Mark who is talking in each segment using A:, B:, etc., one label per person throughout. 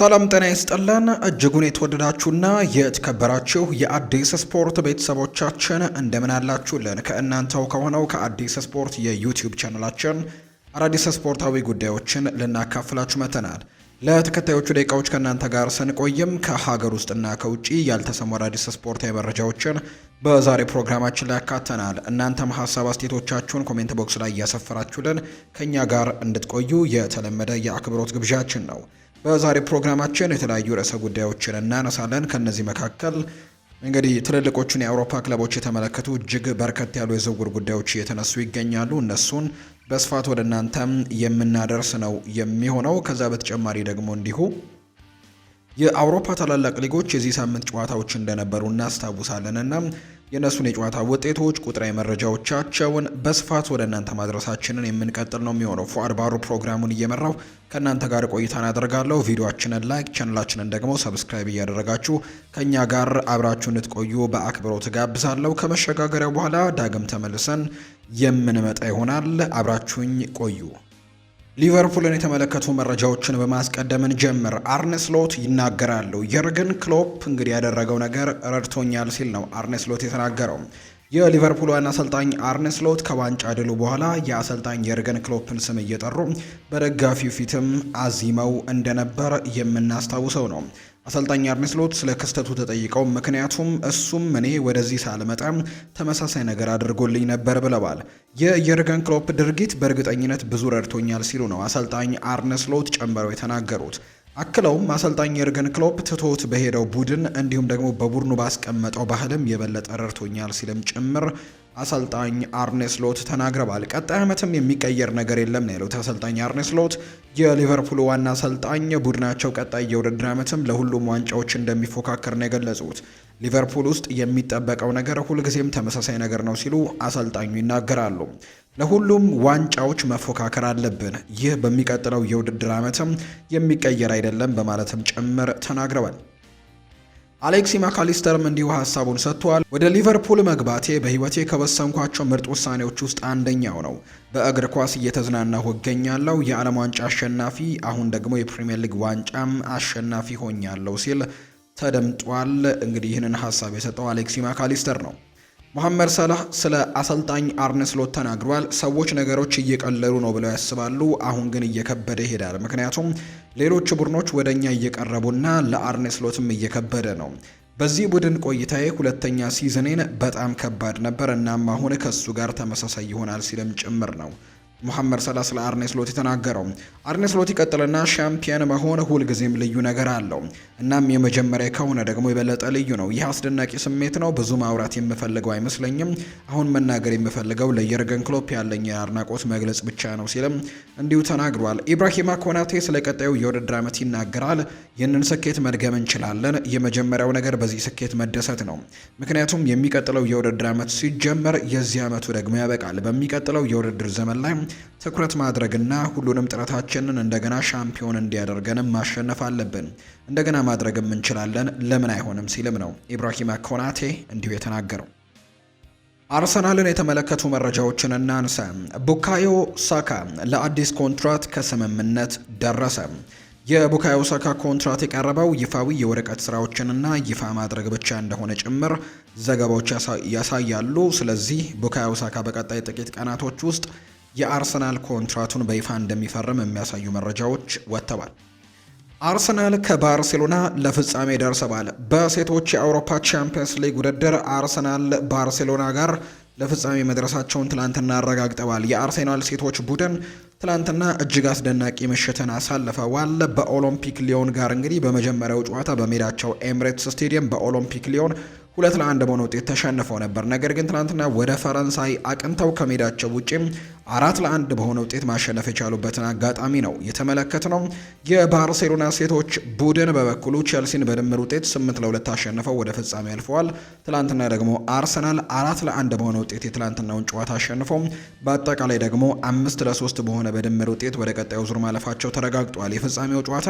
A: ሰላም ጤና ይስጥልን እጅጉን የተወደዳችሁና የተከበራችሁ የአዲስ ስፖርት ቤተሰቦቻችን እንደምን አላችሁልን? ከእናንተው ከሆነው ከአዲስ ስፖርት የዩቲዩብ ቻናላችን አዳዲስ ስፖርታዊ ጉዳዮችን ልናካፍላችሁ መተናል። ለተከታዮቹ ደቂቃዎች ከእናንተ ጋር ስንቆይም ከሀገር ውስጥና ከውጭ ያልተሰሙ አዳዲስ ስፖርታዊ መረጃዎችን በዛሬ ፕሮግራማችን ላይ ያካተናል። እናንተም ሀሳብ አስቴቶቻችሁን ኮሜንት ቦክስ ላይ እያሰፈራችሁልን ከእኛ ጋር እንድትቆዩ የተለመደ የአክብሮት ግብዣችን ነው። በዛሬ ፕሮግራማችን የተለያዩ ርዕሰ ጉዳዮችን እናነሳለን። ከነዚህ መካከል እንግዲህ ትልልቆቹን የአውሮፓ ክለቦች የተመለከቱ እጅግ በርከት ያሉ የዝውውር ጉዳዮች እየተነሱ ይገኛሉ። እነሱን በስፋት ወደ እናንተም የምናደርስ ነው የሚሆነው። ከዛ በተጨማሪ ደግሞ እንዲሁ የአውሮፓ ታላላቅ ሊጎች የዚህ ሳምንት ጨዋታዎች እንደነበሩ እናስታውሳለን እና የእነሱን የጨዋታ ውጤቶች፣ ቁጥራዊ መረጃዎቻቸውን በስፋት ወደ እናንተ ማድረሳችንን የምንቀጥል ነው የሚሆነው። ፉአድ ባሩ ፕሮግራሙን እየመራው ከእናንተ ጋር ቆይታን አደርጋለሁ። ቪዲዮችንን ላይክ፣ ቻናላችንን ደግሞ ሰብስክራይብ እያደረጋችሁ ከእኛ ጋር አብራችሁ እንድትቆዩ በአክብሮት ትጋብዛለሁ ከመሸጋገሪያው በኋላ ዳግም ተመልሰን የምንመጣ ይሆናል። አብራችሁኝ ቆዩ። ሊቨርፑልን የተመለከቱ መረጃዎችን በማስቀደምን ጀምር አርኔስሎት ይናገራሉ። የርግን ክሎፕ እንግዲህ ያደረገው ነገር ረድቶኛል ሲል ነው አርኔስሎት የተናገረው። የሊቨርፑል ዋና አሰልጣኝ አርነ ስሎት ከዋንጫ ድሉ በኋላ የአሰልጣኝ የርገን ክሎፕን ስም እየጠሩ በደጋፊው ፊትም አዚመው እንደነበር የምናስታውሰው ነው። አሰልጣኝ አርነ ስሎት ስለ ክስተቱ ተጠይቀው ምክንያቱም እሱም እኔ ወደዚህ ሳልመጣ ተመሳሳይ ነገር አድርጎልኝ ነበር ብለዋል። የየርገን ክሎፕ ድርጊት በእርግጠኝነት ብዙ ረድቶኛል ሲሉ ነው አሰልጣኝ አርነ ስሎት ጨምረው የተናገሩት። አክለውም አሰልጣኝ የርገን ክሎፕ ትቶት በሄደው ቡድን እንዲሁም ደግሞ በቡድኑ ባስቀመጠው ባህልም የበለጠ ረድቶኛል ሲልም ጭምር አሰልጣኝ አርኔስሎት ተናግረዋል። ቀጣይ ዓመትም የሚቀየር ነገር የለም ነው ያሉት አሰልጣኝ አርኔስሎት የሊቨርፑል ዋና አሰልጣኝ ቡድናቸው ቀጣይ የውድድር ዓመትም ለሁሉም ዋንጫዎች እንደሚፎካከር ነው የገለጹት። ሊቨርፑል ውስጥ የሚጠበቀው ነገር ሁልጊዜም ተመሳሳይ ነገር ነው ሲሉ አሰልጣኙ ይናገራሉ። ለሁሉም ዋንጫዎች መፎካከር አለብን። ይህ በሚቀጥለው የውድድር ዓመትም የሚቀየር አይደለም በማለትም ጭምር ተናግረዋል። አሌክሲ ማካሊስተርም እንዲሁ ሀሳቡን ሰጥቷል። ወደ ሊቨርፑል መግባቴ በሕይወቴ ከወሰንኳቸው ምርጥ ውሳኔዎች ውስጥ አንደኛው ነው። በእግር ኳስ እየተዝናናሁ እገኛለሁ። የዓለም ዋንጫ አሸናፊ፣ አሁን ደግሞ የፕሪምየር ሊግ ዋንጫም አሸናፊ ሆኛለሁ ሲል ተደምጧል። እንግዲህ ይህንን ሀሳብ የሰጠው አሌክሲ ማካሊስተር ነው። መሐመድ ሰላህ ስለ አሰልጣኝ አርነስ ሎት ተናግሯል። ሰዎች ነገሮች እየቀለሉ ነው ብለው ያስባሉ፣ አሁን ግን እየከበደ ይሄዳል። ምክንያቱም ሌሎች ቡድኖች ወደ እኛ እየቀረቡና ለአርነስ ሎትም እየከበደ ነው። በዚህ ቡድን ቆይታዬ ሁለተኛ ሲዝኔን በጣም ከባድ ነበር። እናም አሁን ከእሱ ጋር ተመሳሳይ ይሆናል ሲልም ጭምር ነው ሙሐመድ ሰላ ስለ አርኔ ስሎት የተናገረው። አርኔ ስሎት ይቀጥልና ሻምፒየን መሆን ሁልጊዜም ልዩ ነገር አለው፣ እናም የመጀመሪያ ከሆነ ደግሞ የበለጠ ልዩ ነው። ይህ አስደናቂ ስሜት ነው። ብዙ ማውራት የምፈልገው አይመስለኝም። አሁን መናገር የምፈልገው ለየርገን ክሎፕ ያለኝ አድናቆት መግለጽ ብቻ ነው ሲልም እንዲሁ ተናግሯል። ኢብራሂማ ኮናቴ ስለ ቀጣዩ የውድድር ዓመት ይናገራል። ይህንን ስኬት መድገም እንችላለን። የመጀመሪያው ነገር በዚህ ስኬት መደሰት ነው። ምክንያቱም የሚቀጥለው የውድድር ዓመት ሲጀመር የዚህ ዓመቱ ደግሞ ያበቃል። በሚቀጥለው የውድድር ዘመን ላይ ትኩረት ማድረግና ሁሉንም ጥረታችንን እንደገና ሻምፒዮን እንዲያደርገንም ማሸነፍ አለብን። እንደገና ማድረግም እንችላለን። ለምን አይሆንም? ሲልም ነው ኢብራሂማ ኮናቴ እንዲሁ የተናገረው። አርሰናልን የተመለከቱ መረጃዎችን እናንሰ ቡካዮ ሳካ ለአዲስ ኮንትራት ከስምምነት ደረሰ። የቡካዮ ሳካ ኮንትራት የቀረበው ይፋዊ የወረቀት ስራዎችንና ይፋ ማድረግ ብቻ እንደሆነ ጭምር ዘገባዎች ያሳያሉ። ስለዚህ ቡካዮ ሳካ በቀጣይ ጥቂት ቀናቶች ውስጥ የአርሰናል ኮንትራቱን በይፋ እንደሚፈርም የሚያሳዩ መረጃዎች ወጥተዋል። አርሰናል ከባርሴሎና ለፍጻሜ ደርሰዋል። በሴቶች የአውሮፓ ቻምፒየንስ ሊግ ውድድር አርሰናል ባርሴሎና ጋር ለፍጻሜ መድረሳቸውን ትላንትና አረጋግጠዋል። የአርሴናል ሴቶች ቡድን ትላንትና እጅግ አስደናቂ ምሽትን አሳልፈዋል። በኦሎምፒክ ሊዮን ጋር እንግዲህ በመጀመሪያው ጨዋታ በሜዳቸው ኤምሬትስ ስቴዲየም በኦሎምፒክ ሊዮን ሁለት ለአንድ በሆነ ውጤት ተሸንፈው ነበር። ነገር ግን ትናንትና ወደ ፈረንሳይ አቅንተው ከሜዳቸው ውጪም አራት ለአንድ በሆነ ውጤት ማሸነፍ የቻሉበትን አጋጣሚ ነው የተመለከት ነው። የባርሴሎና ሴቶች ቡድን በበኩሉ ቼልሲን በድምር ውጤት ስምንት ለሁለት አሸንፈው ወደ ፍጻሜ አልፈዋል። ትላንትና ደግሞ አርሰናል አራት ለአንድ በሆነ ውጤት የትላንትናውን ጨዋታ አሸንፈው በአጠቃላይ ደግሞ አምስት ለሶስት በሆነ በድምር ውጤት ወደ ቀጣዩ ዙር ማለፋቸው ተረጋግጧል። የፍጻሜው ጨዋታ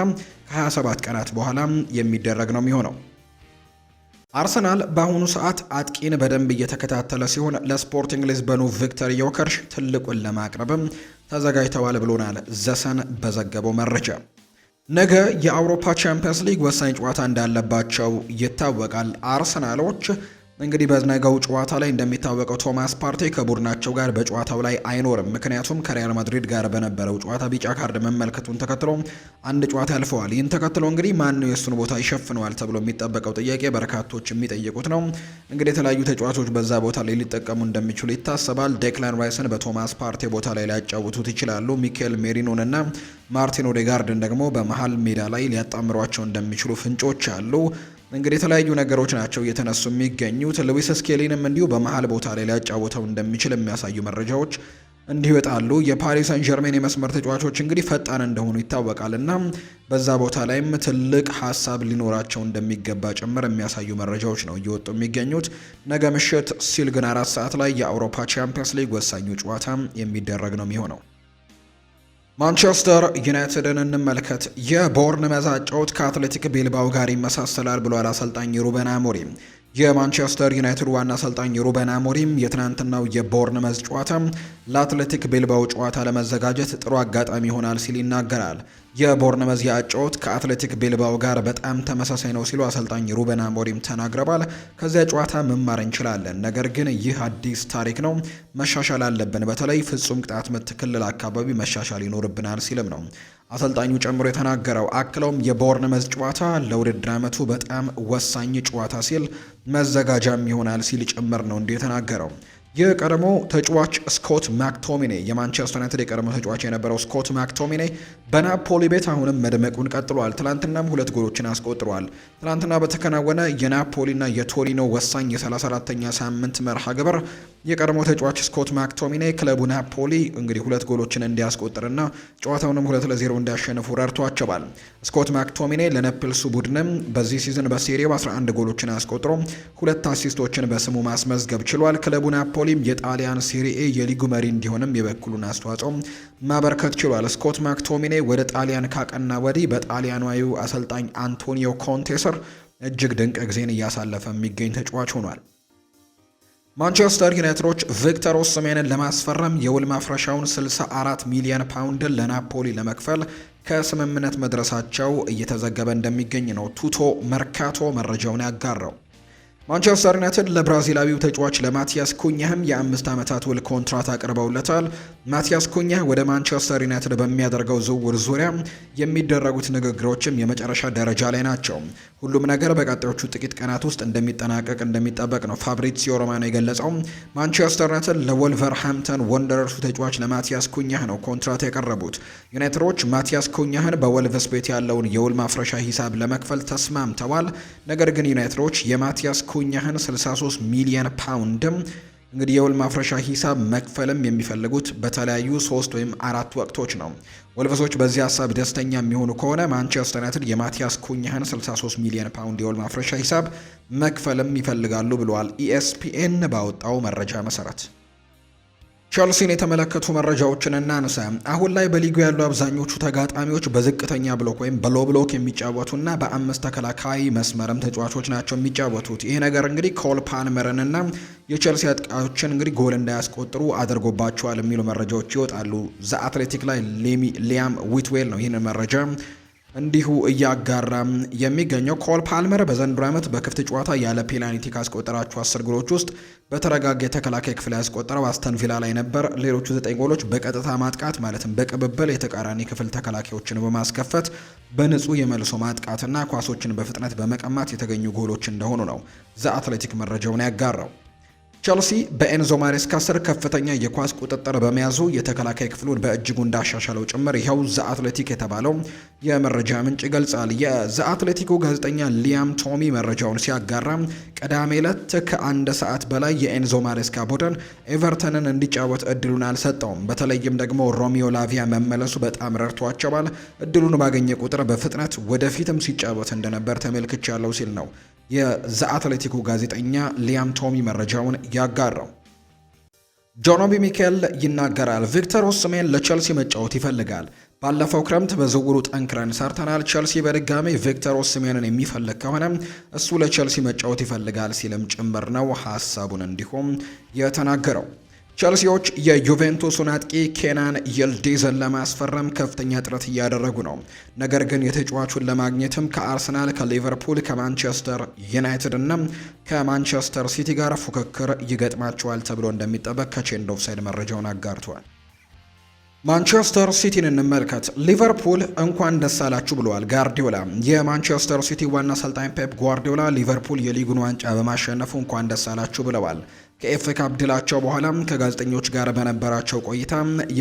A: ከ27 ቀናት በኋላ የሚደረግ ነው የሚሆነው። አርሰናል በአሁኑ ሰዓት አጥቂን በደንብ እየተከታተለ ሲሆን ለስፖርቲንግ ሊዝበኑ ቪክተር ዮከርሽ ትልቁን ለማቅረብም ተዘጋጅተዋል ብሎናል ዘሰን በዘገበው መረጃ። ነገ የአውሮፓ ቻምፒየንስ ሊግ ወሳኝ ጨዋታ እንዳለባቸው ይታወቃል። አርሰናሎች እንግዲህ በነገው ጨዋታ ላይ እንደሚታወቀው ቶማስ ፓርቴ ከቡድናቸው ጋር በጨዋታው ላይ አይኖርም። ምክንያቱም ከሪያል ማድሪድ ጋር በነበረው ጨዋታ ቢጫ ካርድ መመልከቱን ተከትሎ አንድ ጨዋታ ያልፈዋል። ይህን ተከትሎ እንግዲህ ማን ነው የእሱን ቦታ ይሸፍነዋል ተብሎ የሚጠበቀው ጥያቄ በርካቶች የሚጠይቁት ነው። እንግዲህ የተለያዩ ተጫዋቾች በዛ ቦታ ላይ ሊጠቀሙ እንደሚችሉ ይታሰባል። ዴክላን ራይስን በቶማስ ፓርቴ ቦታ ላይ ሊያጫውቱት ይችላሉ። ሚካኤል ሜሪኖን እና ማርቲን ኦዴጋርድን ደግሞ በመሀል ሜዳ ላይ ሊያጣምሯቸው እንደሚችሉ ፍንጮች አሉ። እንግዲህ የተለያዩ ነገሮች ናቸው እየተነሱ የሚገኙት። ሉዊስ ስኬሊንም እንዲሁ በመሀል ቦታ ላይ ሊያጫውተው እንደሚችል የሚያሳዩ መረጃዎች እንዲህ ይወጣሉ። የፓሪስ ሰን ጀርሜን የመስመር ተጫዋቾች እንግዲህ ፈጣን እንደሆኑ ይታወቃል እና በዛ ቦታ ላይም ትልቅ ሀሳብ ሊኖራቸው እንደሚገባ ጭምር የሚያሳዩ መረጃዎች ነው እየወጡ የሚገኙት። ነገ ምሽት ሲል ግን አራት ሰዓት ላይ የአውሮፓ ቻምፒየንስ ሊግ ወሳኙ ጨዋታ የሚደረግ ነው የሚሆነው። ማንቸስተር ዩናይትድን እንመልከት። የቦርን መዛጫውት ከአትሌቲክ ቢልባው ጋር ይመሳሰላል ብሏል አሰልጣኝ ሩበን አሞሪም። የማንቸስተር ዩናይትድ ዋና አሰልጣኝ ሩበን አሞሪም የትናንትናው የቦርንመዝ ጨዋታ ለአትሌቲክ ቤልባው ጨዋታ ለመዘጋጀት ጥሩ አጋጣሚ ይሆናል ሲል ይናገራል። የቦርንመዝ የአጨዋወት ከአትሌቲክ ቤልባው ጋር በጣም ተመሳሳይ ነው ሲሉ አሰልጣኝ ሩበን አሞሪም ተናግረዋል። ከዚያ ጨዋታ መማር እንችላለን፣ ነገር ግን ይህ አዲስ ታሪክ ነው፣ መሻሻል አለብን። በተለይ ፍጹም ቅጣት ምት ክልል አካባቢ መሻሻል ይኖርብናል ሲልም ነው አሰልጣኙ ጨምሮ የተናገረው አክለውም የቦርንመዝ ጨዋታ ለውድድር ዓመቱ በጣም ወሳኝ ጨዋታ ሲል መዘጋጃም ይሆናል ሲል ጭምር ነው እንዲህ የተናገረው። የቀድሞ ተጫዋች ስኮት ማክቶሚኔ የማንቸስተር ዩናይትድ የቀድሞ ተጫዋች የነበረው ስኮት ማክቶሚኔ በናፖሊ ቤት አሁንም መድመቁን ቀጥሏል። ትላንትናም ሁለት ጎሎችን አስቆጥሯል። ትላንትና በተከናወነ የናፖሊና የቶሪኖ ወሳኝ የ34ተኛ ሳምንት መርሃ ግብር የቀድሞ ተጫዋች ስኮት ማክቶሚኔ ክለቡ ናፖሊ እንግዲህ ሁለት ጎሎችን እንዲያስቆጥርና ጨዋታውንም ሁለት ለዜሮ እንዲያሸንፉ ረድቷቸዋል። ስኮት ማክቶሚኔ ለነፕልሱ ቡድንም በዚህ ሲዝን በሴሪው 11 ጎሎችን አስቆጥሮ ሁለት አሲስቶችን በስሙ ማስመዝገብ ችሏል። ክለቡ ናፖ ናፖሊም የጣሊያን ሴሪኤ የሊጉ መሪ እንዲሆንም የበኩሉን አስተዋጽኦ ማበርከት ችሏል። ስኮት ማክቶሚኔ ወደ ጣሊያን ካቀና ወዲህ በጣሊያናዊ አሰልጣኝ አንቶኒዮ ኮንቴ ስር እጅግ ድንቅ ጊዜን እያሳለፈ የሚገኝ ተጫዋች ሆኗል። ማንቸስተር ዩናይትዶች ቪክተር ኦስሜንን ለማስፈረም የውል ማፍረሻውን 64 ሚሊዮን ፓውንድን ለናፖሊ ለመክፈል ከስምምነት መድረሳቸው እየተዘገበ እንደሚገኝ ነው ቱቶ መርካቶ መረጃውን ያጋራው። ማንቸስተር ዩናይትድ ለብራዚላዊው ተጫዋች ለማቲያስ ኩኛህም የአምስት ዓመታት ውል ኮንትራት አቅርበውለታል። ማቲያስ ኩኛህ ወደ ማንቸስተር ዩናይትድ በሚያደርገው ዝውውር ዙሪያ የሚደረጉት ንግግሮችም የመጨረሻ ደረጃ ላይ ናቸው። ሁሉም ነገር በቀጣዮቹ ጥቂት ቀናት ውስጥ እንደሚጠናቀቅ እንደሚጠበቅ ነው ፋብሪሲዮ ሮማኖ የገለጸው። ማንቸስተር ዩናይትድ ለወልቨርሃምተን ወንደረርሱ ተጫዋች ለማቲያስ ኩኛህ ነው ኮንትራት ያቀረቡት። ዩናይትዶች ማቲያስ ኩኛህን በወልቨስ ቤት ያለውን የውል ማፍረሻ ሂሳብ ለመክፈል ተስማምተዋል። ነገር ግን ዩናይትዶች የማቲያስ እኩኛህን 63 ሚሊየን ፓውንድም እንግዲህ የውል ማፍረሻ ሂሳብ መክፈልም የሚፈልጉት በተለያዩ ሶስት ወይም አራት ወቅቶች ነው። ወልቨሶች በዚህ ሀሳብ ደስተኛ የሚሆኑ ከሆነ ማንቸስተር ዩናይትድ የማቲያስ ኩኛህን 63 ሚሊዮን ፓውንድ የውል ማፍረሻ ሂሳብ መክፈልም ይፈልጋሉ ብለዋል ኢኤስፒኤን ባወጣው መረጃ መሰረት። ቸልሲን የተመለከቱ መረጃዎችን እናንሳ። አሁን ላይ በሊጉ ያሉ አብዛኞቹ ተጋጣሚዎች በዝቅተኛ ብሎክ ወይም በሎ ብሎክ የሚጫወቱና በአምስት ተከላካይ መስመርም ተጫዋቾች ናቸው የሚጫወቱት። ይሄ ነገር እንግዲህ ኮል ፓልመርንና የቸልሲ አጥቃዮችን እንግዲህ ጎል እንዳያስቆጥሩ አድርጎባቸዋል የሚሉ መረጃዎች ይወጣሉ። ዘ አትሌቲክ ላይ ሊያም ዊትዌል ነው ይህንን መረጃ እንዲሁ እያጋራም የሚገኘው ኮል ፓልመር በዘንድሮ ዓመት በክፍት ጨዋታ ያለ ፔናልቲ ካስቆጠራቸው አስር ጎሎች ውስጥ በተረጋጋ የተከላካይ ክፍል ያስቆጠረው አስተን ቪላ ላይ ነበር። ሌሎቹ ዘጠኝ ጎሎች በቀጥታ ማጥቃት ማለትም በቅብብል የተቃራኒ ክፍል ተከላካዮችን በማስከፈት በንጹህ የመልሶ ማጥቃትና ኳሶችን በፍጥነት በመቀማት የተገኙ ጎሎች እንደሆኑ ነው ዘ አትሌቲክ መረጃውን ያጋራው። ቸልሲ በኤንዞ ማሬስካ ስር ከፍተኛ የኳስ ቁጥጥር በመያዙ የተከላካይ ክፍሉን በእጅጉ እንዳሻሻለው ጭምር ይኸው ዘ አትሌቲክ የተባለው የመረጃ ምንጭ ይገልጻል። የዘ አትሌቲኩ ጋዜጠኛ ሊያም ቶሚ መረጃውን ሲያጋራ ቅዳሜ ዕለት ከአንድ ሰዓት በላይ የኤንዞ ማሬስካ ቡድን ኤቨርተንን እንዲጫወት እድሉን አልሰጠውም። በተለይም ደግሞ ሮሚዮ ላቪያ መመለሱ በጣም ረድቷቸዋል። እድሉን ባገኘ ቁጥር በፍጥነት ወደፊትም ሲጫወት እንደነበር ተመልክቻለሁ ሲል ነው የዘ አትሌቲኩ ጋዜጠኛ ሊያም ቶሚ መረጃውን ያጋራው። ጆኖቢ ሚኬል ይናገራል። ቪክተር ኦስሜን ለቸልሲ መጫወት ይፈልጋል። ባለፈው ክረምት በዝውውሩ ጠንክረን ሰርተናል። ቸልሲ በድጋሚ ቪክተር ኦስሜንን የሚፈልግ ከሆነ እሱ ለቸልሲ መጫወት ይፈልጋል ሲልም ጭምር ነው ሀሳቡን እንዲሁም የተናገረው። ቸልሲዎች የዩቬንቱስን አጥቂ ኬናን ይልዲዝን ለማስፈረም ከፍተኛ ጥረት እያደረጉ ነው። ነገር ግን የተጫዋቹን ለማግኘትም ከአርሰናል፣ ከሊቨርፑል፣ ከማንቸስተር ዩናይትድ እና ከማንቸስተር ሲቲ ጋር ፉክክር ይገጥማቸዋል ተብሎ እንደሚጠበቅ ከቼንድ ኦፍ መረጃውን አጋርቷል። ማንቸስተር ሲቲን እንመልከት። ሊቨርፑል እንኳን ደስ አላችሁ ብለዋል ጋርዲዮላ። የማንቸስተር ሲቲ ዋና አሰልጣኝ ፔፕ ጓርዲዮላ ሊቨርፑል የሊጉን ዋንጫ በማሸነፉ እንኳን ደስ አላችሁ ብለዋል። ከኤፍኤ ካፕ ድላቸው በኋላም ከጋዜጠኞች ጋር በነበራቸው ቆይታ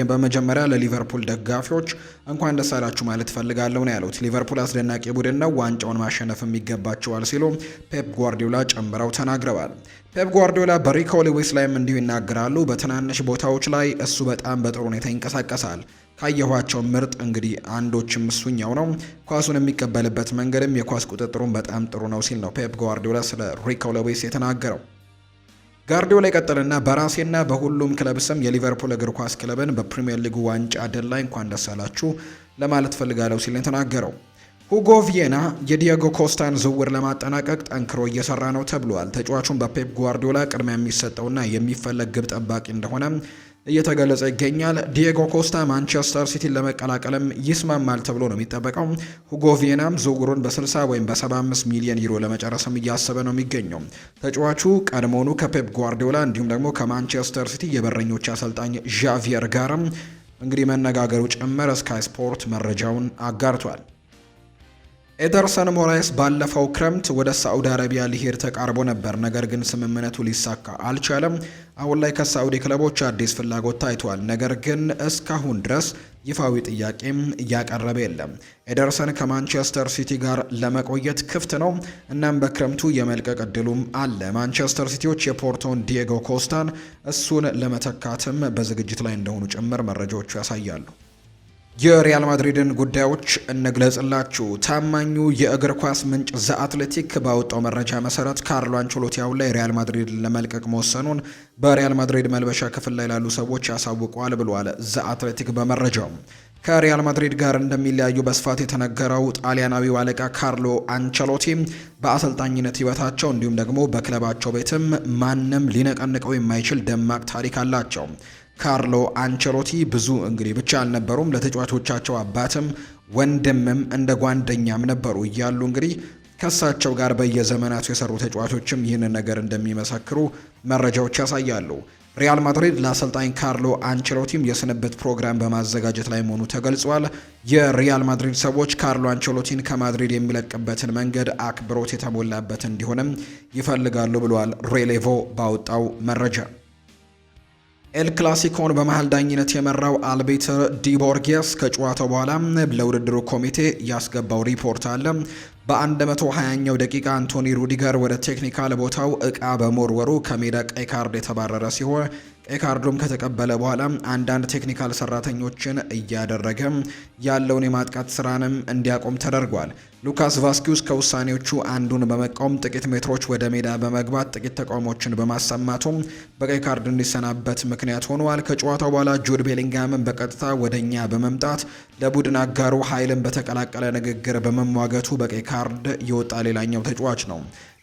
A: በመጀመሪያ ለሊቨርፑል ደጋፊዎች እንኳን ደስ አላችሁ ማለት ፈልጋለሁ ነው ያሉት። ሊቨርፑል አስደናቂ ቡድን ነው፣ ዋንጫውን ማሸነፍም ይገባቸዋል ሲሉ ፔፕ ጓርዲዮላ ጨምረው ተናግረዋል። ፔፕ ጓርዲዮላ በሪኮ ላይም እንዲሁ ይናገራሉ። በትናንሽ ቦታዎች ላይ እሱ በጣም በጥሩ ሁኔታ ይንቀሳቀሳል። ካየኋቸው ምርጥ እንግዲህ አንዶችም እሱኛው ነው። ኳሱን የሚቀበልበት መንገድም የኳስ ቁጥጥሩን በጣም ጥሩ ነው ሲል ነው ፔፕ ጓርዲዮላ ስለ ሪኮ የተናገረው። ጋርዲዮላ ይቀጥልና በራሴና በሁሉም ክለብ ስም የሊቨርፑል እግር ኳስ ክለብን በፕሪምየር ሊጉ ዋንጫ ድል ላይ እንኳን ደስ አላችሁ ለማለት ፈልጋለሁ ሲል ተናገረው። ሁጎ ቪየና የዲየጎ ኮስታን ዝውውር ለማጠናቀቅ ጠንክሮ እየሰራ ነው ተብሏል። ተጫዋቹን በፔፕ ጓርዲዮላ ቅድሚያ የሚሰጠውና የሚፈለግ ግብ ጠባቂ እንደሆነ እየተገለጸ ይገኛል። ዲየጎ ኮስታ ማንቸስተር ሲቲን ለመቀላቀልም ይስማማል ተብሎ ነው የሚጠበቀው። ሁጎ ቪየናም ዝውውሩን በ60 ወይም በ75 ሚሊዮን ዩሮ ለመጨረስም እያሰበ ነው የሚገኘው። ተጫዋቹ ቀድሞውኑ ከፔፕ ጓርዲዮላ እንዲሁም ደግሞ ከማንቸስተር ሲቲ የበረኞች አሰልጣኝ ዣቪየር ጋርም እንግዲህ መነጋገሩ ጭምር ስካይ ስፖርት መረጃውን አጋርቷል። ኤደርሰን ሞራይስ ባለፈው ክረምት ወደ ሳዑዲ አረቢያ ሊሄድ ተቃርቦ ነበር፣ ነገር ግን ስምምነቱ ሊሳካ አልቻለም። አሁን ላይ ከሳዑዲ ክለቦች አዲስ ፍላጎት ታይቷል፣ ነገር ግን እስካሁን ድረስ ይፋዊ ጥያቄም እያቀረበ የለም። ኤደርሰን ከማንቸስተር ሲቲ ጋር ለመቆየት ክፍት ነው፣ እናም በክረምቱ የመልቀቅ እድሉም አለ። ማንቸስተር ሲቲዎች የፖርቶን ዲየጎ ኮስታን እሱን ለመተካትም በዝግጅት ላይ እንደሆኑ ጭምር መረጃዎቹ ያሳያሉ። የሪያል ማድሪድን ጉዳዮች እንግለጽላችሁ። ታማኙ የእግር ኳስ ምንጭ ዘ አትሌቲክ ባወጣው መረጃ መሰረት ካርሎ አንቸሎቲ አሁን ላይ ሪያል ማድሪድ ለመልቀቅ መወሰኑን በሪያል ማድሪድ መልበሻ ክፍል ላይ ላሉ ሰዎች ያሳውቀዋል ብሏል ዘ አትሌቲክ በመረጃው። ከሪያል ማድሪድ ጋር እንደሚለያዩ በስፋት የተነገረው ጣሊያናዊው አለቃ ካርሎ አንቸሎቲ በአሰልጣኝነት ህይወታቸው እንዲሁም ደግሞ በክለባቸው ቤትም ማንም ሊነቀንቀው የማይችል ደማቅ ታሪክ አላቸው። ካርሎ አንቸሎቲ ብዙ እንግዲህ ብቻ አልነበሩም፣ ለተጫዋቾቻቸው አባትም ወንድምም እንደ ጓደኛም ነበሩ እያሉ እንግዲህ ከእሳቸው ጋር በየዘመናቱ የሰሩ ተጫዋቾችም ይህንን ነገር እንደሚመሰክሩ መረጃዎች ያሳያሉ። ሪያል ማድሪድ ለአሰልጣኝ ካርሎ አንቸሎቲም የስንብት ፕሮግራም በማዘጋጀት ላይ መሆኑ ተገልጿል። የሪያል ማድሪድ ሰዎች ካርሎ አንቸሎቲን ከማድሪድ የሚለቅበትን መንገድ አክብሮት የተሞላበት እንዲሆንም ይፈልጋሉ ብለዋል ሬሌቮ ባወጣው መረጃ። ኤል ክላሲኮን በመሀል ዳኝነት የመራው አልቤተር ዲቦርጌስ ከጨዋታው በኋላ ለውድድሩ ኮሚቴ ያስገባው ሪፖርት አለ። በ120ኛው ደቂቃ አንቶኒ ሩዲገር ወደ ቴክኒካል ቦታው እቃ በመወርወሩ ከሜዳ ቀይ ካርድ የተባረረ ሲሆን ቀይ ካርዱም ከተቀበለ በኋላ አንዳንድ ቴክኒካል ሰራተኞችን እያደረገ ያለውን የማጥቃት ስራንም እንዲያቆም ተደርጓል። ሉካስ ቫስኪዩስ ከውሳኔዎቹ አንዱን በመቃወም ጥቂት ሜትሮች ወደ ሜዳ በመግባት ጥቂት ተቃውሞችን በማሰማቱም በቀይ ካርድ እንዲሰናበት ምክንያት ሆኗል። ከጨዋታው በኋላ ጁድ ቤሊንጋምን በቀጥታ ወደ እኛ በመምጣት ለቡድን አጋሩ ኃይልን በተቀላቀለ ንግግር በመሟገቱ በቀይ ካርድ የወጣ ሌላኛው ተጫዋች ነው።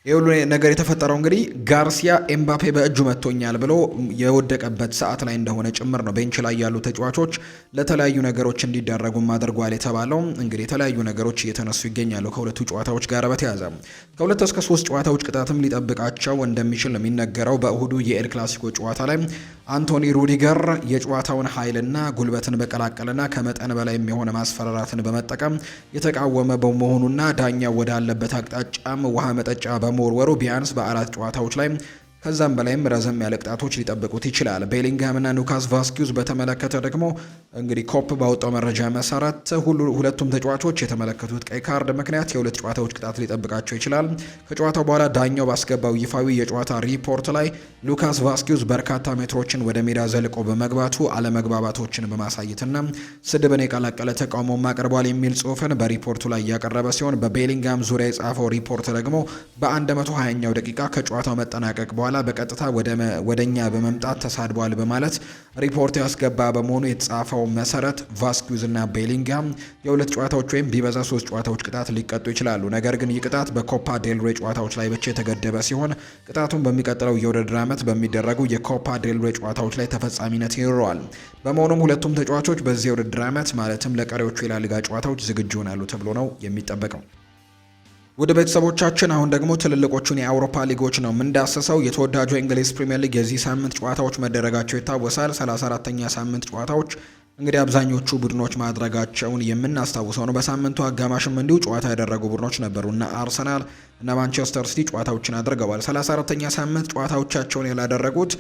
A: የሁሉ ነገር የተፈጠረው እንግዲህ ጋርሲያ ኤምባፔ በእጁ መጥቶኛል ብሎ የወደቀበት ሰዓት ላይ እንደሆነ ጭምር ነው። ቤንች ላይ ያሉ ተጫዋቾች ለተለያዩ ነገሮች እንዲዳረጉም አድርጓል የተባለው እንግዲህ የተለያዩ ነገሮች እየተነሱ ይገኛሉ ከሁለቱ ጨዋታዎች ጋር በተያዘ ከሁለት እስከ ሶስት ጨዋታዎች ቅጣትም ሊጠብቃቸው እንደሚችል የሚነገረው በእሁዱ የኤል ክላሲኮ ጨዋታ ላይ አንቶኒ ሩዲገር የጨዋታውን ኃይልና ጉልበትን በቀላቀለና ከመጠን በላይ የሚሆነ ማስፈራራትን በመጠቀም የተቃወመ በመሆኑና ዳኛው ወዳለበት አቅጣጫም ውሃ መጠጫ በመወርወሩ ቢያንስ በአራት ጨዋታዎች ላይ ከዛም በላይም ረዘም ያለ ቅጣቶች ሊጠብቁት ይችላል። ቤሊንግሃምና ኑካስ ቫስኪዩዝ በተመለከተ ደግሞ እንግዲህ ኮፕ ባወጣው መረጃ መሰረት ሁሉ ሁለቱም ተጫዋቾች የተመለከቱት ቀይ ካርድ ምክንያት የሁለት ጨዋታዎች ቅጣት ሊጠብቃቸው ይችላል። ከጨዋታው በኋላ ዳኛው ባስገባው ይፋዊ የጨዋታ ሪፖርት ላይ ሉካስ ቫስኪዩዝ በርካታ ሜትሮችን ወደ ሜዳ ዘልቆ በመግባቱ አለመግባባቶችን በማሳየትና ስድብን የቀላቀለ ተቃውሞም አቅርቧል የሚል ጽሁፍን በሪፖርቱ ላይ ያቀረበ ሲሆን በቤሊንግሃም ዙሪያ የጻፈው ሪፖርት ደግሞ በ120ኛው ደቂቃ ከጨዋታው መጠናቀቅ በኋላ በኋላ በቀጥታ ወደ እኛ በመምጣት ተሳድቧል በማለት ሪፖርት ያስገባ በመሆኑ የተጻፈው መሰረት ቫስኪዝ እና ቤሊንጋም የሁለት ጨዋታዎች ወይም ቢበዛ ሶስት ጨዋታዎች ቅጣት ሊቀጡ ይችላሉ። ነገር ግን ይህ ቅጣት በኮፓ ዴልሬ ጨዋታዎች ላይ ብቻ የተገደበ ሲሆን ቅጣቱን በሚቀጥለው የውድድር ዓመት በሚደረጉ የኮፓ ዴልሬ ጨዋታዎች ላይ ተፈጻሚነት ይኖረዋል። በመሆኑም ሁለቱም ተጫዋቾች በዚህ የውድድር ዓመት ማለትም ለቀሪዎቹ የላሊጋ ጨዋታዎች ዝግጁ ይሆናሉ ተብሎ ነው የሚጠበቀው። ወደ ቤተሰቦቻችን አሁን ደግሞ ትልልቆቹን የአውሮፓ ሊጎች ነው የምንዳሰሰው። የተወዳጁ እንግሊዝ ፕሪምየር ሊግ የዚህ ሳምንት ጨዋታዎች መደረጋቸው ይታወሳል። 34ተኛ ሳምንት ጨዋታዎች እንግዲህ አብዛኞቹ ቡድኖች ማድረጋቸውን የምናስታውሰው ነው። በሳምንቱ አጋማሽም እንዲሁ ጨዋታ ያደረጉ ቡድኖች ነበሩ እና አርሰናል እና ማንቸስተር ሲቲ ጨዋታዎችን አድርገዋል። 34ተኛ ሳምንት ጨዋታዎቻቸውን ያላደረጉት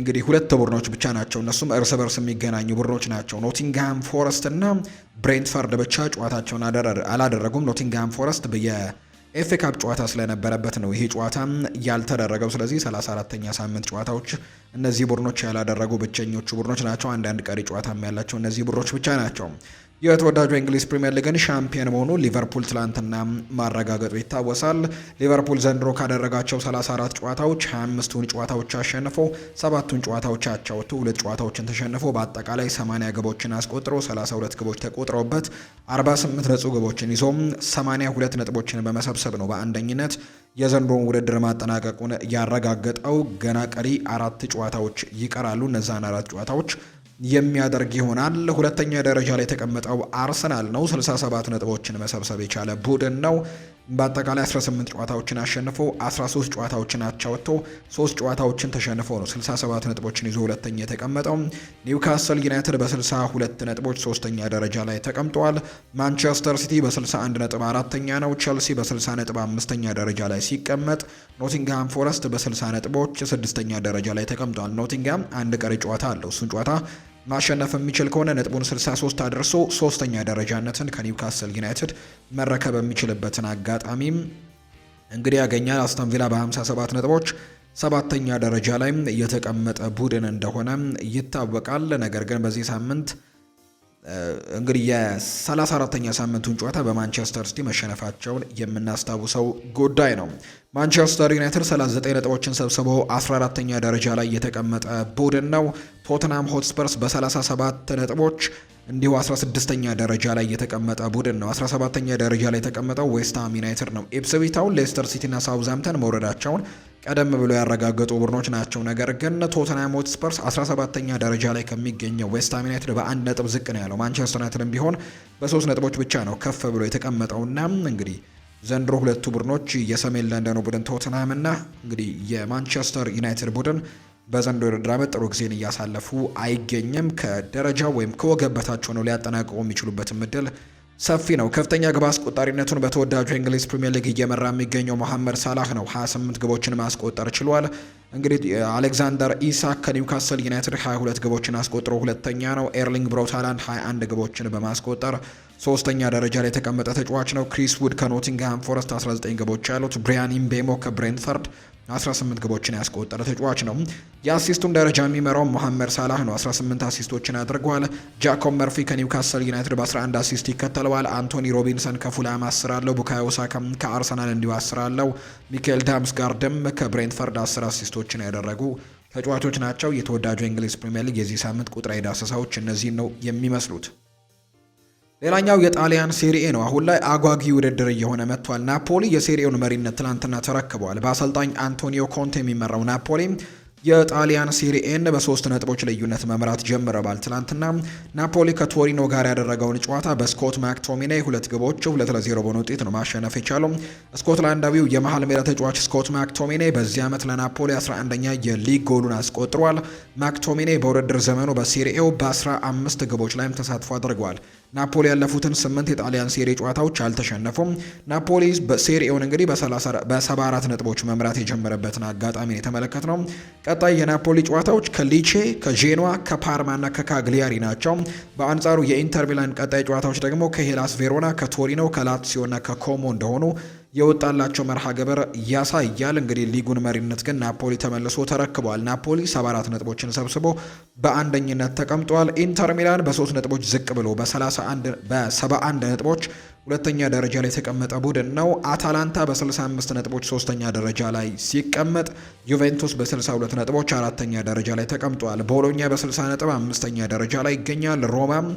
A: እንግዲህ ሁለት ቡድኖች ብቻ ናቸው። እነሱም እርስ በርስ የሚገናኙ ቡድኖች ናቸው። ኖቲንግሃም ፎረስት እና ብሬንትፈርድ ብቻ ጨዋታቸውን አላደረጉም። ኖቲንግሃም ፎረስት ኤፍ ካፕ ጨዋታ ስለነበረበት ነው ይሄ ጨዋታ ያልተደረገው። ስለዚህ 34ተኛ ሳምንት ጨዋታዎች እነዚህ ቡድኖች ያላደረጉ ብቸኞቹ ቡድኖች ናቸው። አንዳንድ ቀሪ ጨዋታም ያላቸው እነዚህ ቡድኖች ብቻ ናቸው። የተወዳጁ እንግሊዝ ፕሪምየር ሊግን ሻምፒየን መሆኑ ሊቨርፑል ትላንትና ማረጋገጡ ይታወሳል። ሊቨርፑል ዘንድሮ ካደረጋቸው 34 ጨዋታዎች 25ቱን ጨዋታዎች አሸንፎ ሰባቱን ጨዋታዎች አቻ ወጥቶ ሁለት ጨዋታዎችን ተሸንፎ በአጠቃላይ 80 ግቦችን አስቆጥሮ 32 ግቦች ተቆጥረውበት 48 ነጹ ግቦችን ይዞ 82 ነጥቦችን በመሰብሰብ ነው በአንደኝነት የዘንድሮን ውድድር ማጠናቀቁን ያረጋገጠው። ገና ቀሪ አራት ጨዋታዎች ይቀራሉ። እነዛን አራት ጨዋታዎች የሚያደርግ ይሆናል። ሁለተኛ ደረጃ ላይ የተቀመጠው አርሰናል ነው። 67 ነጥቦችን መሰብሰብ የቻለ ቡድን ነው። በአጠቃላይ 18 ጨዋታዎችን አሸንፎ 13 ጨዋታዎችን አቻወጥቶ 3 ጨዋታዎችን ተሸንፎ ነው 67 ነጥቦችን ይዞ ሁለተኛ የተቀመጠው። ኒውካስል ዩናይትድ በ62 ነጥቦች ሶስተኛ ደረጃ ላይ ተቀምጠዋል። ማንቸስተር ሲቲ በ61 ነጥብ አራተኛ ነው። ቸልሲ በ60 ነጥብ አምስተኛ ደረጃ ላይ ሲቀመጥ፣ ኖቲንግሃም ፎረስት በ60 ነጥቦች ስድስተኛ ደረጃ ላይ ተቀምጧል። ኖቲንግሃም አንድ ቀሪ ጨዋታ አለው። እሱን ጨዋታ ማሸነፍ የሚችል ከሆነ ነጥቡን 63 አድርሶ ሶስተኛ ደረጃነትን ከኒውካስል ዩናይትድ መረከብ የሚችልበትን አጋጣሚም እንግዲህ ያገኛል። አስተን ቪላ በ57 ነጥቦች ሰባተኛ ደረጃ ላይ የተቀመጠ ቡድን እንደሆነ ይታወቃል። ነገር ግን በዚህ ሳምንት እንግዲህ የሰላሳ አራተኛ ሳምንቱን ጨዋታ በማንቸስተር ሲቲ መሸነፋቸውን የምናስታውሰው ጉዳይ ነው። ማንቸስተር ዩናይትድ 39 ነጥቦችን ሰብስቦ 14ተኛ ደረጃ ላይ የተቀመጠ ቡድን ነው። ቶትናም ሆትስፐርስ በ37 ነጥቦች እንዲሁ 16ተኛ ደረጃ ላይ የተቀመጠ ቡድን ነው። 17ተኛ ደረጃ ላይ የተቀመጠው ዌስትሃም ዩናይትድ ነው። ኢፕስዊታውን ሌስተር ሲቲና ሳውዝሃምተን መውረዳቸውን ቀደም ብሎ ያረጋገጡ ቡድኖች ናቸው። ነገር ግን ቶተንሃም ሆትስፐርስ 17ተኛ ደረጃ ላይ ከሚገኘው ዌስትሃም ዩናይትድ በአንድ ነጥብ ዝቅ ነው ያለው። ማንቸስተር ዩናይትድም ቢሆን በሶስት ነጥቦች ብቻ ነው ከፍ ብሎ የተቀመጠውና እንግዲህ ዘንድሮ ሁለቱ ቡድኖች የሰሜን ለንደኑ ቡድን ቶተንሃም እና እንግዲህ የማንቸስተር ዩናይትድ ቡድን በዘንድሮ የውድድር ዓመት ጥሩ ጊዜን እያሳለፉ አይገኝም። ከደረጃው ወይም ከወገበታቸው ነው ሊያጠናቅቁ የሚችሉበትም እድል ሰፊ ነው። ከፍተኛ ግብ አስቆጣሪነቱን በተወዳጁ የእንግሊዝ ፕሪምየር ሊግ እየመራ የሚገኘው መሐመድ ሳላህ ነው፣ 28 ግቦችን ማስቆጠር ችሏል። እንግዲህ አሌክዛንደር ኢሳክ ከኒውካስል ዩናይትድ 22 ግቦችን አስቆጥሮ ሁለተኛ ነው። ኤርሊንግ ብሮታላንድ 21 ግቦችን በማስቆጠር ሶስተኛ ደረጃ ላይ የተቀመጠ ተጫዋች ነው። ክሪስ ውድ ከኖቲንግሃም ፎረስት 19 ግቦች ያሉት፣ ብሪያን ኢምቤሞ ከብሬንፈርድ 18 ግቦችን ያስቆጠረ ተጫዋች ነው። የአሲስቱን ደረጃ የሚመራው መሐመድ ሳላህ ነው። 18 አሲስቶችን አድርጓል። ጃኮብ መርፊ ከኒውካስል ዩናይትድ በ11 አሲስት ይከተለዋል። አንቶኒ ሮቢንሰን ከፉላም አስራለው። ቡካዮ ሳካም ከአርሰናል እንዲሁ አስራለው። ሚካኤል ዳምስጋርድም ከብሬንትፈርድ 10 አሲስቶችን ያደረጉ ተጫዋቾች ናቸው። የተወዳጁ የእንግሊዝ ፕሪምየር ሊግ የዚህ ሳምንት ቁጥራዊ ዳሰሳዎች እነዚህን ነው የሚመስሉት። ሌላኛው የጣሊያን ሴሪኤ ነው። አሁን ላይ አጓጊ ውድድር እየሆነ መጥቷል። ናፖሊ የሴሪኤውን መሪነት ትላንትና ተረክበዋል። በአሰልጣኝ አንቶኒዮ ኮንቴ የሚመራው ናፖሊ የጣሊያን ሴሪኤን በሶስት ነጥቦች ልዩነት መምራት ጀምረዋል። ትላንትና ናፖሊ ከቶሪኖ ጋር ያደረገውን ጨዋታ በስኮት ማክቶሚኔ ሁለት ግቦች ሁለት ለዜሮ በሆነ ውጤት ነው ማሸነፍ የቻለው። ስኮትላንዳዊው የመሀል ሜዳ ተጫዋች ስኮት ማክቶሚኔ በዚህ ዓመት ለናፖሊ 11ኛ የሊግ ጎሉን አስቆጥሯል። ማክቶሚኔ በውድድር ዘመኑ በሴሪኤው በ15 ግቦች ላይም ተሳትፎ አድርገዋል። ናፖሊ ያለፉትን ስምንት የጣሊያን ሴሪ ጨዋታዎች አልተሸነፉም። ናፖሊ ሴሪኤውን እንግዲህ በሰባ አራት ነጥቦች መምራት የጀመረበትን አጋጣሚ የተመለከት ነው። ቀጣይ የናፖሊ ጨዋታዎች ከሊቼ፣ ከዤኗ፣ ከፓርማ ና ከካግሊያሪ ናቸው። በአንጻሩ የኢንተር ሚላን ቀጣይ ጨዋታዎች ደግሞ ከሄላስ ቬሮና፣ ከቶሪኖ፣ ከላትሲዮ ና ከኮሞ እንደሆኑ የወጣላቸው መርሃ ግብር ያሳያል። እንግዲህ ሊጉን መሪነት ግን ናፖሊ ተመልሶ ተረክቧል። ናፖሊ 74 ነጥቦችን ሰብስቦ በአንደኝነት ተቀምጧል። ኢንተር ሚላን በሶስት ነጥቦች ዝቅ ብሎ በ71 ነጥቦች ሁለተኛ ደረጃ ላይ የተቀመጠ ቡድን ነው። አታላንታ በ65 ነጥቦች ሶስተኛ ደረጃ ላይ ሲቀመጥ፣ ዩቬንቱስ በ62 ነጥቦች አራተኛ ደረጃ ላይ ተቀምጧል። ቦሎኛ በ60 ነጥብ አምስተኛ ደረጃ ላይ ይገኛል። ሮማም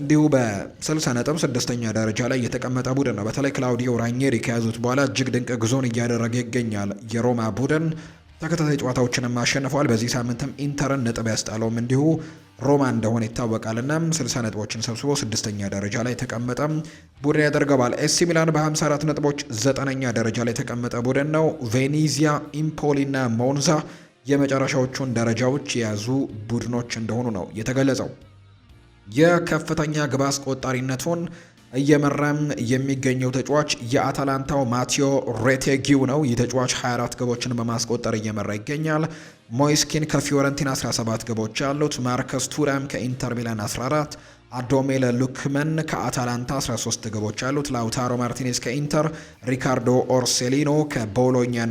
A: እንዲሁ በ60 ነጥብ ስድስተኛ ደረጃ ላይ የተቀመጠ ቡድን ነው። በተለይ ክላውዲዮ ራኘሪ ከያዙት በኋላ እጅግ ድንቅ ጉዞን እያደረገ ይገኛል። የሮማ ቡድን ተከታታይ ጨዋታዎችንም አሸንፏል። በዚህ ሳምንትም ኢንተርን ነጥብ ያስጣለውም እንዲሁ ሮማ እንደሆነ ይታወቃል። እናም 60 ነጥቦችን ሰብስቦ ስድስተኛ ደረጃ ላይ የተቀመጠ ቡድን ያደርገዋል። ኤሲ ሚላን በ54 ነጥቦች ዘጠነኛ ደረጃ ላይ የተቀመጠ ቡድን ነው። ቬኒዚያ ኢምፖሊ እና ሞንዛ የመጨረሻዎቹን ደረጃዎች የያዙ ቡድኖች እንደሆኑ ነው የተገለጸው። የከፍተኛ ግብ አስቆጣሪነቱን እየመራም የሚገኘው ተጫዋች የአታላንታው ማቴዮ ሬቴጊው ነው። ይህ ተጫዋች 24 ግቦችን በማስቆጠር እየመራ ይገኛል። ሞይስኪን ከፊዮረንቲና 17 ግቦች ያሉት፣ ማርከስ ቱራም ከኢንተር ሚላን 14፣ አዶሜለ ሉክመን ከአታላንታ 13 ግቦች አሉት። ላውታሮ ማርቲኔዝ ከኢንተር፣ ሪካርዶ ኦርሴሊኖ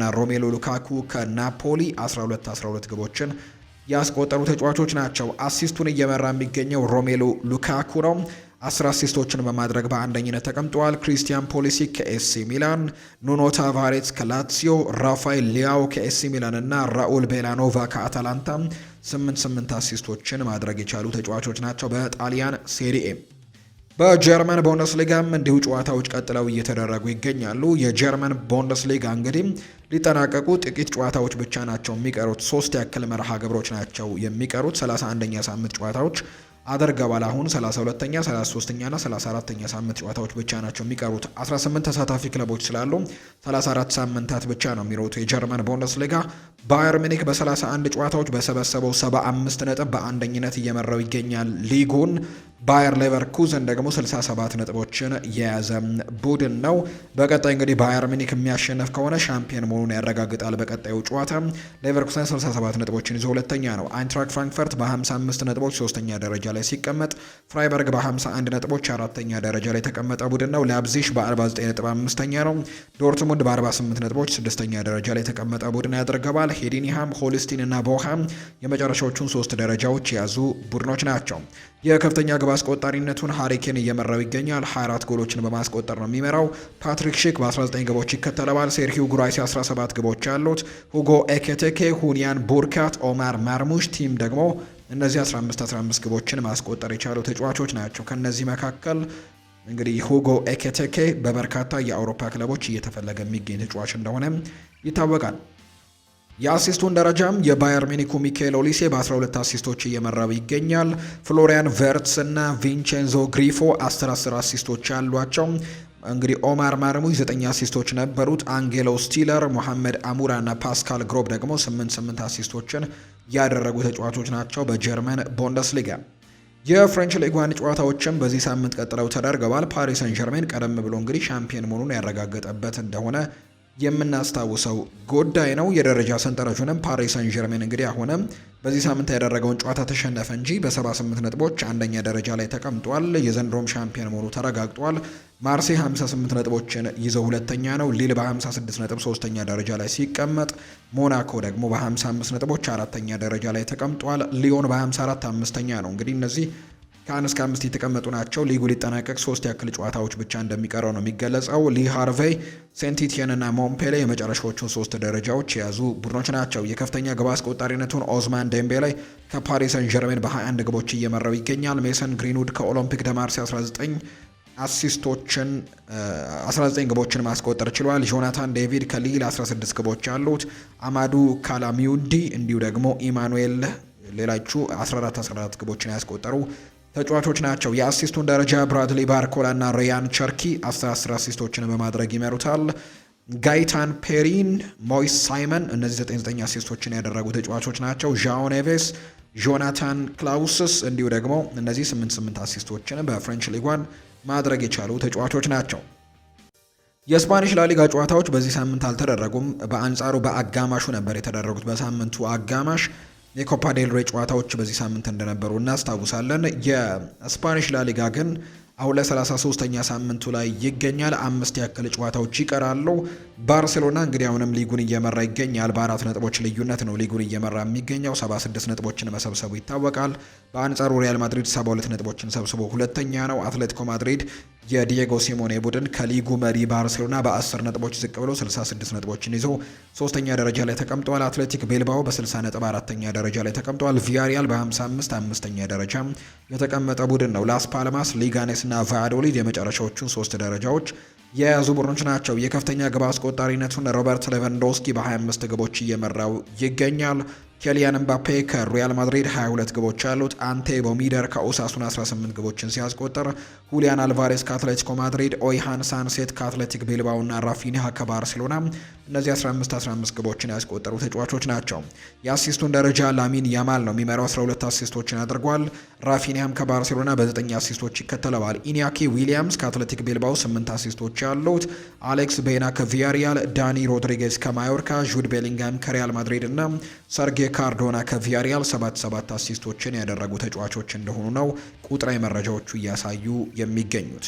A: ና ሮሜሎ ሉካኩ ከናፖሊ 12 12 ግቦችን ያስቆጠሩ ተጫዋቾች ናቸው። አሲስቱን እየመራ የሚገኘው ሮሜሎ ሉካኩ ነው። አስር አሲስቶችን በማድረግ በአንደኝነት ተቀምጠዋል። ክሪስቲያን ፖሊሲ ከኤሲ ሚላን፣ ኑኖ ታቫሬዝ ከላትሲዮ፣ ራፋኤል ሊያው ከኤሲ ሚላን እና ራኡል ቤላኖቫ ከአታላንታ ስምንት ስምንት አሲስቶችን ማድረግ የቻሉ ተጫዋቾች ናቸው በጣሊያን ሴሪኤ በጀርመን ቡንደስሊጋም እንዲሁ ጨዋታዎች ቀጥለው እየተደረጉ ይገኛሉ። የጀርመን ቡንደስሊጋ እንግዲህ ሊጠናቀቁ ጥቂት ጨዋታዎች ብቻ ናቸው የሚቀሩት። ሶስት ያክል መርሃ ግብሮች ናቸው የሚቀሩት። 31ኛ ሳምንት ጨዋታዎች አደርገዋል። አሁን 32ኛ 33 ና 34ኛ ሳምንት ጨዋታዎች ብቻ ናቸው የሚቀሩት። 18 ተሳታፊ ክለቦች ስላሉ 34 ሳምንታት ብቻ ነው የሚሮጡ። የጀርመን ቡንደስሊጋ ባየር ሚኒክ በ31 ጨዋታዎች በሰበሰበው 75 ነጥብ በአንደኝነት እየመራው ይገኛል ሊጉን። ባየር ሌቨርኩዘን ደግሞ 67 ነጥቦችን የያዘ ቡድን ነው። በቀጣይ እንግዲህ ባየር ሚኒክ የሚያሸነፍ ከሆነ ሻምፒየን መሆኑን ያረጋግጣል። በቀጣዩ ጨዋታ ሌቨርኩዘን 67 ነጥቦችን ይዞ ሁለተኛ ነው። አይንትራክ ፍራንክፈርት በ55 ነጥቦች ሶስተኛ ደረጃ ደረጃ ላይ ሲቀመጥ ፍራይበርግ በ51 ነጥቦች አራተኛ ደረጃ ላይ የተቀመጠ ቡድን ነው። ላይፕዚግ በ49 ነጥብ አምስተኛ ነው። ዶርትሙንድ በ48 ነጥቦች ስድስተኛ ደረጃ ላይ የተቀመጠ ቡድን ያደርገዋል። ሄዲኒሃም፣ ሆልስቲን እና ቦሃም የመጨረሻዎቹን ሶስት ደረጃዎች የያዙ ቡድኖች ናቸው። የከፍተኛ ግብ አስቆጣሪነቱን ሀሪኬን እየመራው ይገኛል። 24 ጎሎችን በማስቆጠር ነው የሚመራው። ፓትሪክ ሺክ በ19 ግቦች ይከተለዋል። ሴርሂው ጉራይሲ 17 ግቦች አሉት። ሁጎ ኤኬቴኬ፣ ሁኒያን ቡርካት፣ ኦማር ማርሙሽ ቲም ደግሞ እነዚህ 15 15 ግቦችን ማስቆጠር የቻሉ ተጫዋቾች ናቸው። ከነዚህ መካከል እንግዲህ ሁጎ ኤኬቴኬ በበርካታ የአውሮፓ ክለቦች እየተፈለገ የሚገኝ ተጫዋች እንደሆነ ይታወቃል። የአሲስቱን ደረጃም የባየር ሚኒኩ ሚካኤል ኦሊሴ በ12 አሲስቶች እየመራው ይገኛል። ፍሎሪያን ቨርትስ እና ቪንቼንዞ ግሪፎ 10 10 አሲስቶች ያሏቸው እንግዲህ ኦማር ማርሙ 9 አሲስቶች ነበሩት። አንጌሎ ስቲለር፣ ሞሐመድ አሙራ እና ፓስካል ግሮብ ደግሞ 8 8 አሲስቶችን ያደረጉ ተጫዋቾች ናቸው። በጀርመን ቡንደስሊጋ የፍሬንች ሊግ ዋን ጨዋታዎችም በዚህ ሳምንት ቀጥለው ተደርገዋል። ፓሪስ ሰን ጀርሜን ቀደም ብሎ እንግዲህ ሻምፒየን መሆኑን ያረጋገጠበት እንደሆነ የምናስታውሰው ጉዳይ ነው። የደረጃ ሰንጠረዡንም ፓሪስ ሳን ዠርሜን እንግዲህ አሁንም በዚህ ሳምንት ያደረገውን ጨዋታ ተሸነፈ እንጂ በ78 ነጥቦች አንደኛ ደረጃ ላይ ተቀምጧል። የዘንድሮም ሻምፒዮን መሆኑ ተረጋግጧል። ማርሴ 58 ነጥቦችን ይዘው ሁለተኛ ነው። ሊል በ56 ነጥብ ሶስተኛ ደረጃ ላይ ሲቀመጥ፣ ሞናኮ ደግሞ በ55 ነጥቦች አራተኛ ደረጃ ላይ ተቀምጧል። ሊዮን በ54 አምስተኛ ነው። እንግዲህ እነዚህ ከአንድ እስከ አምስት የተቀመጡ ናቸው። ሊጉ ሊጠናቀቅ ሶስት ያክል ጨዋታዎች ብቻ እንደሚቀረው ነው የሚገለጸው። ሊ ሃርቬይ፣ ሴንቲቲየን እና ሞምፔሌ የመጨረሻዎቹን ሶስት ደረጃዎች የያዙ ቡድኖች ናቸው። የከፍተኛ ግብ አስቆጣሪነቱን ኦዝማን ዴምቤ ላይ ከፓሪስ ሰን ጀርሜን በ21 ግቦች እየመራው ይገኛል። ሜሰን ግሪንውድ ከኦሎምፒክ ደማርሲ 19 አሲስቶችን 19 ግቦችን ማስቆጠር ችሏል። ጆናታን ዴቪድ ከሊል 16 ግቦች አሉት። አማዱ ካላሚዩዲ እንዲሁ ደግሞ ኢማኑኤል ሌላችሁ 14 14 ግቦችን ያስቆጠሩ ተጫዋቾች ናቸው። የአሲስቱን ደረጃ ብራድሊ ባርኮላ እና ሪያን ቸርኪ 11 አሲስቶችን በማድረግ ይመሩታል። ጋይታን ፔሪን፣ ሞይስ ሳይመን እነዚህ 99 አሲስቶችን ያደረጉ ተጫዋቾች ናቸው። ዣኦ ኔቬስ፣ ጆናታን ክላውስስ እንዲሁ ደግሞ እነዚህ 88 አሲስቶችን በፍሬንች ሊጓን ማድረግ የቻሉ ተጫዋቾች ናቸው። የስፓኒሽ ላሊጋ ጨዋታዎች በዚህ ሳምንት አልተደረጉም። በአንጻሩ በአጋማሹ ነበር የተደረጉት። በሳምንቱ አጋማሽ የኮፓ ዴል ሬ ጨዋታዎች በዚህ ሳምንት እንደነበሩ እናስታውሳለን። የስፓኒሽ ላሊጋ ግን አሁን ለ33ኛ ሳምንቱ ላይ ይገኛል። አምስት ያክል ጨዋታዎች ይቀራሉ። ባርሴሎና እንግዲህ አሁንም ሊጉን እየመራ ይገኛል። በአራት ነጥቦች ልዩነት ነው ሊጉን እየመራ የሚገኘው 76 ነጥቦችን መሰብሰቡ ይታወቃል። በአንጻሩ ሪያል ማድሪድ 72 ነጥቦችን ሰብስቦ ሁለተኛ ነው። አትሌቲኮ ማድሪድ የዲየጎ ሲሞኔ ቡድን ከሊጉ መሪ ባርሴሎና በ10 ነጥቦች ዝቅ ብሎ 66 ነጥቦችን ይዞ ሶስተኛ ደረጃ ላይ ተቀምጧል። አትሌቲክ ቤልባኦ በ60 ነጥብ አራተኛ ደረጃ ላይ ተቀምጧል። ቪያሪያል በ55 አምስተኛ ደረጃ የተቀመጠ ቡድን ነው። ላስ ፓልማስ፣ ሊጋኔስ እና ቫያዶሊድ የመጨረሻዎቹን ሶስት ደረጃዎች የያዙ ቡድኖች ናቸው። የከፍተኛ ግብ አስቆጣሪነቱን ሮበርት ሌቫንዶስኪ በ25 ግቦች እየመራው ይገኛል። ኬሊያን ምባፔ ከሪያል ማድሪድ 22 ግቦች አሉት። አንቴ ቦሚደር ከኦሳሱን 18 ግቦችን ሲያስቆጠር ሁሊያን አልቫሬስ ከአትሌቲኮ ማድሪድ፣ ኦይሃን ሳንሴት ከአትሌቲክ ና ራፊኒሃ ከባርሴሎና እነዚህ 15 15 ግቦችን ያስቆጠሩ ተጫዋቾች ናቸው። የአሲስቱን ደረጃ ላሚን ያማል ነው የሚመራው፣ 12 አሲስቶችን አድርጓል። ራፊኒያም ከባርሴሎና በ9 አሲስቶች ይከተለዋል። ኢኒያኪ ዊሊያምስ ከአትሌቲክ ቤልባው 8 አሲስቶች ያሉት፣ አሌክስ ቤና ከቪያሪያል፣ ዳኒ ሮድሪጌዝ ከማዮርካ፣ ጁድ ቤሊንጋም ከሪያል ማድሪድ እና ሰርጌ ካርዶና ከቪያሪያል 77 አሲስቶችን ያደረጉ ተጫዋቾች እንደሆኑ ነው ቁጥራዊ መረጃዎቹ እያሳዩ የሚገኙት።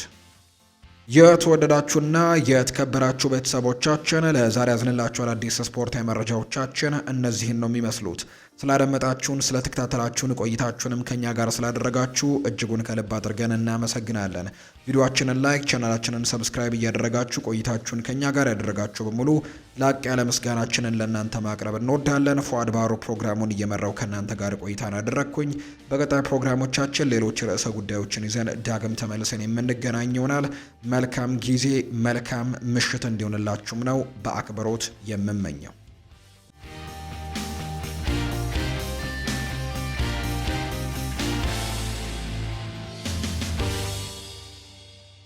A: የተወደዳችሁና የተከበራችሁ ቤተሰቦቻችን ለዛሬ ያዝንላችሁ አዳዲስ ስፖርታዊ መረጃዎቻችን እነዚህን ነው የሚመስሉት። ስላደመጣችሁን፣ ስለተከታተላችሁን ቆይታችሁንም ከኛ ጋር ስላደረጋችሁ እጅጉን ከልብ አድርገን እናመሰግናለን። ቪዲዮአችንን ላይክ፣ ቻናላችንን ሰብስክራይብ እያደረጋችሁ ቆይታችሁን ከኛ ጋር ያደረጋችሁ በሙሉ ላቅ ያለ ምስጋናችንን ለእናንተ ማቅረብ እንወዳለን። ፏድ ባሮ ፕሮግራሙን እየመራው ከእናንተ ጋር ቆይታን አደረግኩኝ። በቀጣይ ፕሮግራሞቻችን ሌሎች ርዕሰ ጉዳዮችን ይዘን ዳግም ተመልሰን የምንገናኝ ይሆናል። መልካም ጊዜ፣ መልካም ምሽት እንዲሆንላችሁም ነው በአክብሮት የምመኘው።